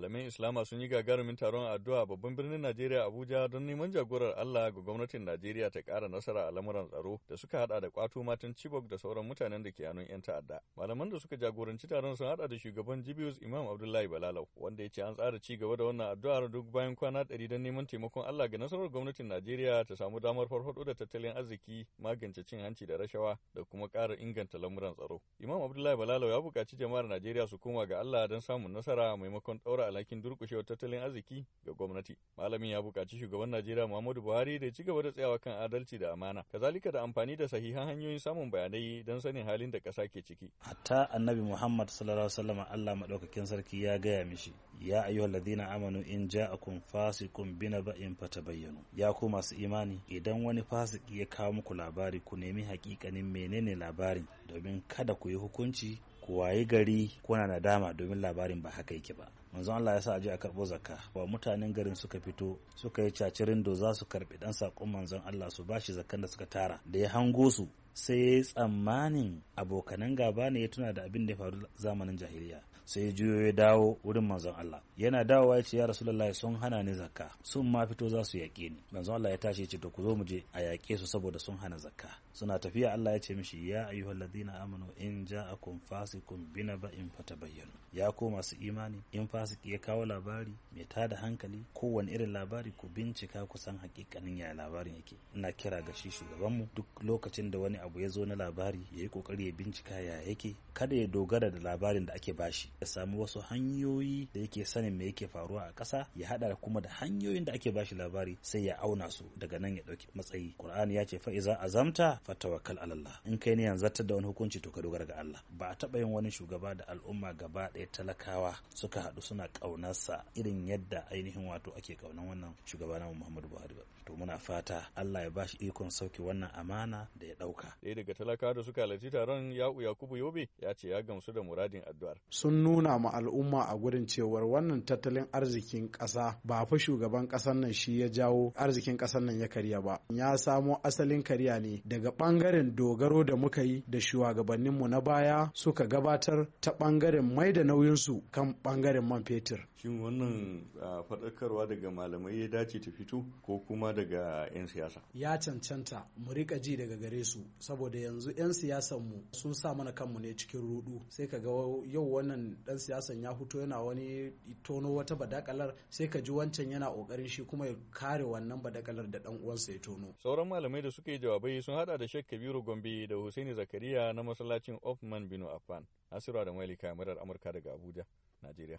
malamin Islama sun yi gagarumin taron addu'a babban birnin Najeriya Abuja don neman jagorar Allah ga gwamnatin Najeriya ta kara nasara a lamuran tsaro da suka hada da kwato matan Chibok da sauran mutanen da ke hannun 'yan ta'adda. Malaman da suka jagoranci taron sun hada da shugaban Jibius Imam Abdullahi Balalau wanda ya ce an tsara ci gaba da wannan addu'ar duk bayan kwana ɗari don neman taimakon Allah ga nasarar gwamnatin Najeriya ta samu damar farfaɗo da tattalin arziki magance cin hanci da rashawa da kuma ƙara inganta lamuran tsaro. Imam Abdullahi Balalau ya buƙaci jama'ar Najeriya su koma ga Allah don samun nasara maimakon ɗaura alhakin durkushewar tattalin arziki ga gwamnati. Malamin ya buƙaci shugaban Najeriya Muhammadu Buhari da ya ci gaba da tsayawa kan adalci da amana, kazalika da amfani da sahihan hanyoyin samun bayanai don sanin halin da ƙasa ke ciki. Hatta Annabi Muhammad sallallahu alaihi wasallam Allah madaukakin sarki ya gaya mishi, ya ayyuhal ladina amanu in ja'akum fasiqun binaba'in fatabayyanu. Ya ku masu imani idan wani fasiki ya kawo muku labari ku nemi hakikanin menene labarin domin kada ku yi hukunci ku wayi gari kuna nadama domin labarin ba haka yake ba manzon Allah ya sa aje a karbo zakka ba mutanen garin suka fito suka yi cacirin do za su karbi dan sakon manzon Allah su bashi zakkan da suka tara da ya hango su sai tsammanin abokanan gaba ne ya tuna da abin da ya faru zamanin jahiliya sai ya juyo ya dawo wurin manzon Allah yana dawowa ya ce ya rasulullahi sun hana ni zakka sun ma fito za su yaƙe ni manzon Allah ya tashi ya ce to ku zo mu je a yaƙe su saboda sun hana zakka suna tafiya Allah ya ce mishi ya ayyuhalladhina amanu in ja a ja'akum in fata bayyana ya ko masu imani in fasiki ya kawo labari mai tada hankali kowane irin labari ku bincika kusan hakikanin ya labarin yake ina kira ga shi shugabanmu duk lokacin da wani abu ya zo na labari ya yi kokari ya bincika ya yake kada ya dogara da labarin da ake bashi ya samu wasu hanyoyi da yake sanin me yake faruwa a ƙasa ya hada kuma da hanyoyin da ake bashi labari sai ya auna su daga nan ya dauki matsayi qur'ani ya ce fa iza azamta fatawakkal ala Allah in kai ne yanzu da wani hukunci to ka dogara ga Allah ba a taba yin wani shugaba da al'umma gaba ɗaya talakawa suka haɗu suna ƙaunarsa irin yadda ainihin wato ake kaunan wannan shugaba na Muhammadu Buhari ba to muna fata Allah ya bashi ikon sauki wannan amana da ya ɗauka ɗaya daga talakawa da suka halarci taron ya'u Yakubu Yobe ya ce ya gamsu da muradin addu'ar. Sun nuna ma al'umma a gurin cewar wannan tattalin arzikin ƙasa ba fa shugaban ƙasar nan shi ya jawo arzikin ƙasar nan ya karya ba. Ya samo asalin karya ne daga ɓangaren dogaro da muka yi da shugabanninmu na baya suka gabatar ta ɓangaren mai da nauyinsu kan ɓangaren man fetur. shin wannan ah, faɗakarwa daga malamai ya dace ta fito ko kuma daga 'yan siyasa ya cancanta mu rika ji daga gare su saboda yanzu 'yan siyasan mu sun sa mana kanmu ne cikin rudu sai ka ga yau wannan dan siyasan ya fito yana wani tono wata badakalar sai ka ji wancan yana kokarin shi kuma ya kare wannan badakalar da dan uwansa ya tono sauran malamai da suka yi jawabai sun hada da Sheikh Kabiru Gombe da Hussaini Zakariya na masallacin Ofman Binu Affan Asira da Malika murar Amurka daga Abuja Najeriya